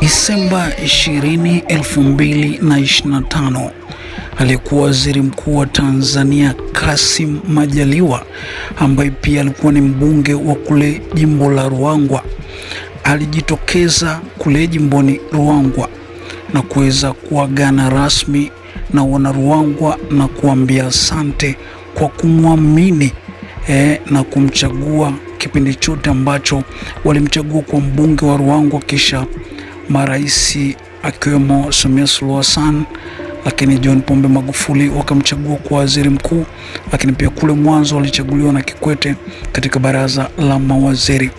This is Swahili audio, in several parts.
Disemba 20, 2025 aliyekuwa waziri mkuu wa Tanzania Kassim Majaliwa ambaye pia alikuwa ni mbunge wa kule jimbo la Ruangwa alijitokeza kule jimboni Ruangwa na kuweza kuagana rasmi na wanaruangwa na kuambia asante kwa kumwamini eh, na kumchagua kipindi chote ambacho walimchagua kwa mbunge wa Ruangwa, kisha marais akiwemo Samia Suluhu Hassan lakini John Pombe Magufuli wakamchagua kwa waziri mkuu, lakini pia kule mwanzo walichaguliwa na Kikwete katika baraza la mawaziri.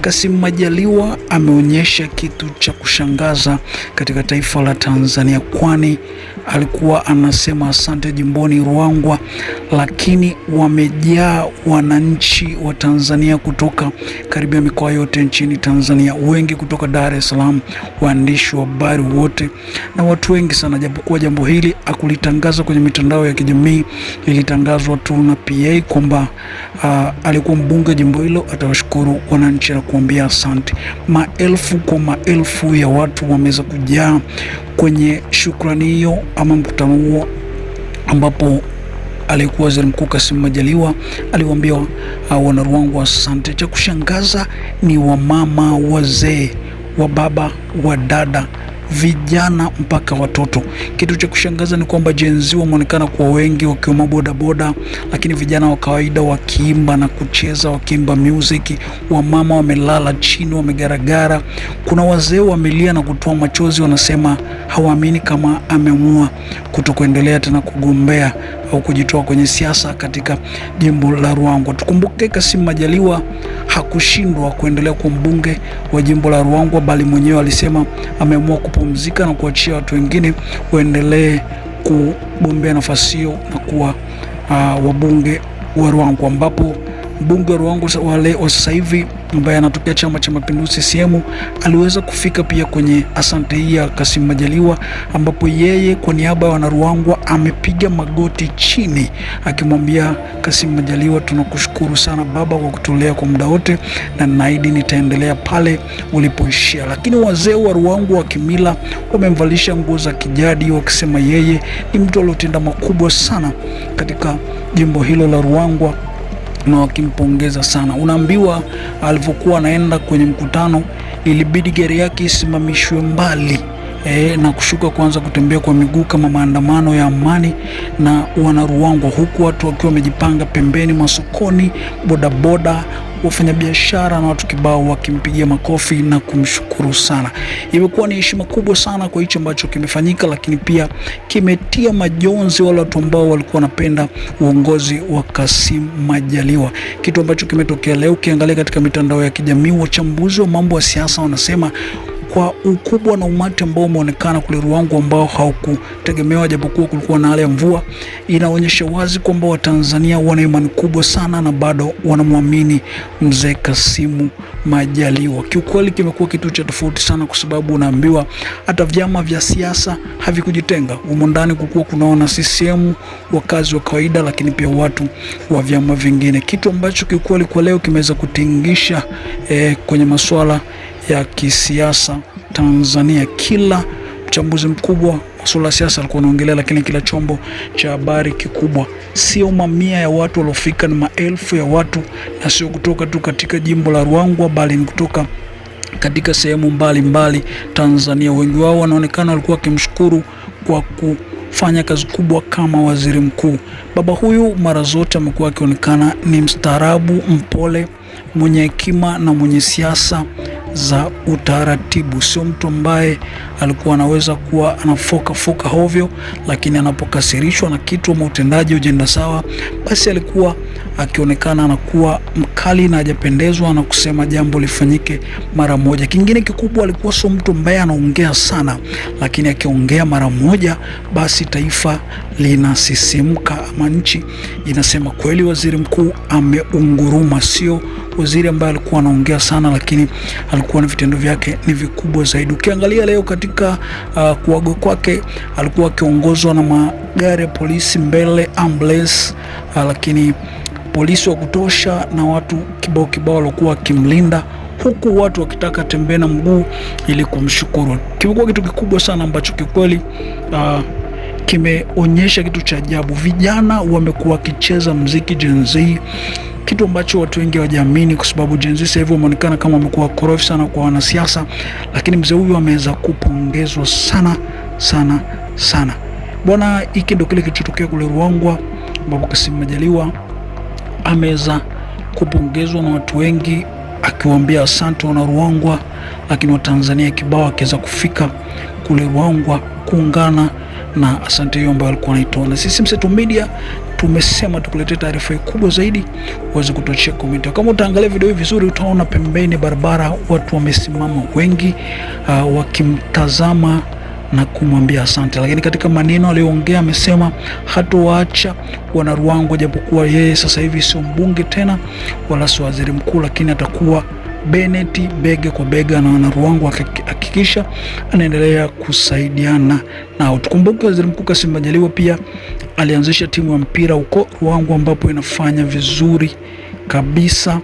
Kassim Majaliwa ameonyesha kitu cha kushangaza katika taifa la Tanzania, kwani alikuwa anasema asante jimboni Ruangwa, lakini wamejaa wananchi wa Tanzania kutoka karibia mikoa yote nchini Tanzania, wengi kutoka Dar es Salaam, waandishi wa habari wote na watu wengi sana. Japokuwa jambo hili akulitangaza kwenye mitandao ya kijamii, ilitangazwa tu na PA kwamba uh, alikuwa mbunge jimbo hilo atawashukuru wananchi na kuambia asante. Maelfu kwa maelfu ya watu wameweza kujaa kwenye shukrani hiyo ama mkutano huo ambapo aliyekuwa waziri mkuu Kassim Majaliwa aliwaambia uh, ah, wana Ruangwa asante. Cha kushangaza ni wamama, wazee, wa baba, wa dada vijana mpaka watoto. Kitu cha kushangaza ni kwamba Gen Z wameonekana kuwa wengi wakiwemo bodaboda, lakini vijana wa kawaida wakiimba na kucheza, wakiimba music, wamama wamelala chini, wamegaragara. Kuna wazee wamelia na kutoa machozi, wanasema hawaamini kama ameamua kutokuendelea tena kugombea au kujitoa kwenye siasa katika jimbo la Ruangwa. Tukumbuke Kassim Majaliwa hakushindwa kuendelea kuwa mbunge wa jimbo la Ruangwa, bali mwenyewe alisema ameamua kupumzika na kuachia watu wengine waendelee kugombea nafasi hiyo na kuwa uh, wabunge wa Ruangwa ambapo mbunge wa Ruangwa wa sasa hivi ambaye anatokea Chama cha Mapinduzi CCM aliweza kufika pia kwenye asante hii ya Kasim Majaliwa, ambapo yeye kwa niaba ya wanaruangwa amepiga magoti chini akimwambia Kasim Majaliwa, tunakushukuru sana baba kwa kutulea kwa muda wote, na naahidi nitaendelea pale ulipoishia. Lakini wazee wa Ruangwa wa kimila wamemvalisha nguo za kijadi wakisema yeye ni mtu aliotenda makubwa sana katika jimbo hilo la Ruangwa na wakimpongeza sana. Unaambiwa alivyokuwa anaenda kwenye mkutano, ilibidi gari yake isimamishwe mbali e, na kushuka kuanza kutembea kwa miguu kama maandamano ya amani na wanaruangwa, huku watu wakiwa wamejipanga pembeni mwa sokoni, bodaboda wafanyabiashara na watu kibao wakimpigia makofi na kumshukuru sana. Imekuwa ni heshima kubwa sana kwa hicho ambacho kimefanyika, lakini pia kimetia majonzi wale watu ambao walikuwa wanapenda uongozi wa Kassim Majaliwa, kitu ambacho kimetokea leo. Ukiangalia katika mitandao ya kijamii, wachambuzi wa mambo ya siasa wanasema kwa ukubwa na umati ambao umeonekana kule Ruangwa ambao haukutegemewa, japokuwa kulikuwa na hali ya mvua, inaonyesha wazi kwamba Watanzania wana imani kubwa sana na bado wanamwamini mzee Kasimu Majaliwa. Kiukweli kimekuwa kitu cha tofauti sana, kwa sababu unaambiwa hata vyama vya siasa havikujitenga humo ndani, kulikuwa kunaona CCM wakazi wa kawaida, lakini pia watu wa vyama vingine, kitu ambacho kiukweli kwa leo kimeweza kutingisha eh, kwenye masuala ya kisiasa Tanzania. Kila mchambuzi mkubwa wa suala siasa alikuwa anaongelea, lakini kila chombo cha habari kikubwa, sio mamia ya watu waliofika, ni maelfu ya watu, na sio kutoka tu katika jimbo la Ruangwa, bali ni kutoka katika sehemu mbalimbali Tanzania. Wengi wao wanaonekana walikuwa wakimshukuru kwa ku fanya kazi kubwa kama waziri mkuu. Baba huyu mara zote amekuwa akionekana ni mstaarabu, mpole, mwenye hekima na mwenye siasa za utaratibu. Sio mtu ambaye alikuwa anaweza kuwa anafoka foka hovyo, lakini anapokasirishwa na kitu ama utendaji ujenda sawa, basi alikuwa akionekana anakuwa mkali na hajapendezwa na kusema jambo lifanyike mara moja. Kingine kikubwa, alikuwa sio mtu ambaye anaongea sana, lakini akiongea mara moja, basi taifa linasisimka ama nchi inasema kweli, waziri mkuu ameunguruma, sio waziri ambaye alikuwa anaongea sana, lakini alikuwa na vitendo vyake ni vikubwa zaidi. Ukiangalia leo katika uh, kuagwa kwake alikuwa akiongozwa na magari ya polisi mbele, ambulance uh, lakini polisi wa kutosha na watu kibao kibao waliokuwa wakimlinda huku watu wakitaka tembea na mguu ili kumshukuru. Kimekuwa kitu kikubwa sana ambacho kikweli uh, kimeonyesha kitu cha ajabu. Vijana wamekuwa wakicheza mziki Gen Z kitu ambacho watu wengi hawajaamini, kwa sababu Gen Z sasa hivi wameonekana kama wamekuwa korofi sana kwa wanasiasa, lakini mzee huyu ameweza kupongezwa sana sana sana bwana. Hiki ndio kile kilichotokea kule Ruangwa ambapo Kassim Majaliwa ameweza kupongezwa na watu wengi akiwaambia asante wana Ruangwa, lakini Watanzania kibao akiweza kufika kule Ruangwa kuungana na asante hiyo ambayo alikuwa anaitoa. Na sisi Mseto Media tumesema tukuletee taarifa kubwa zaidi, uweze kutochea komenti. Kama utaangalia video hii vizuri, utaona pembeni barabara watu wamesimama wengi, uh, wakimtazama na kumwambia asante. Lakini katika maneno aliyoongea amesema hatowaacha wana Ruangwa, japokuwa yeye sasa hivi sio mbunge tena wala sio waziri mkuu, lakini atakuwa Beneti bega kwa bega na wana Ruangwa, hakikisha anaendelea kusaidiana nao. Tukumbuke waziri mkuu Kassim Majaliwa pia alianzisha timu ya mpira huko Ruangwa ambapo inafanya vizuri kabisa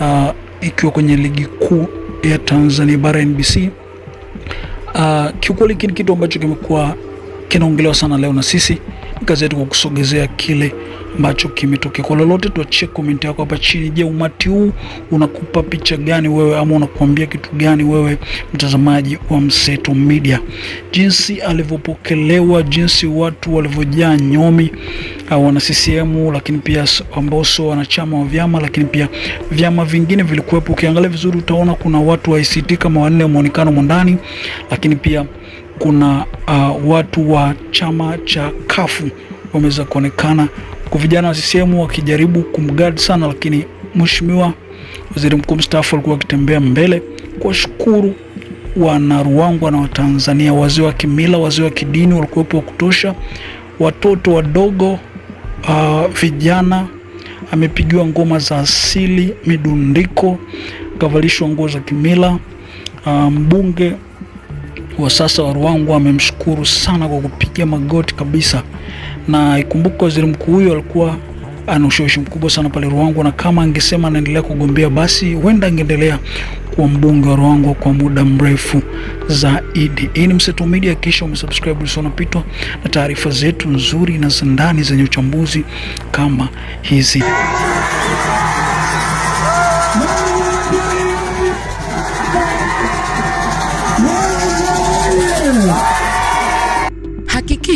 uh, ikiwa kwenye ligi kuu ya Tanzania bara NBC. Uh, kiukweli hiki ni kitu ambacho kimekuwa kinaongelewa sana leo na sisi kazi yetu kusogezea kile ambacho kimetokea. Kwa lolote, tuachie komenti yako hapa chini. Je, umati huu unakupa picha gani wewe, ama unakuambia kitu gani wewe, mtazamaji wa Mseto Media? Jinsi alivyopokelewa, jinsi watu walivyojaa nyomi au wana CCM, lakini pia ambao sio wanachama wa vyama, lakini pia vyama vingine vilikuwepo. Ukiangalia vizuri, utaona kuna watu wa ICT kama wanne muonekano mwandani, lakini pia kuna uh, watu wa chama cha kafu wameweza kuonekana kwa vijana wa CCM wakijaribu kumgadi sana, lakini mheshimiwa waziri mkuu mstaafu alikuwa akitembea mbele kuwashukuru wanaruangwa na Watanzania, wazee wa kimila, wazee wa kidini walikuwepo wa kutosha, watoto wadogo, uh, vijana. Amepigiwa ngoma za asili, midundiko, kavalishwa nguo za kimila. Uh, mbunge wa sasa wa Ruangwa amemshukuru sana kwa kupiga magoti kabisa na ikumbuka waziri mkuu huyo alikuwa ana ushawishi mkubwa sana pale Ruangwa, na kama angesema anaendelea kugombea, basi huenda angeendelea kuwa mbunge wa Ruangwa kwa muda mrefu zaidi. Hii ni Mseto Media, kisha umesubscribe usionapitwa na taarifa zetu nzuri na zindani zenye uchambuzi kama hizi.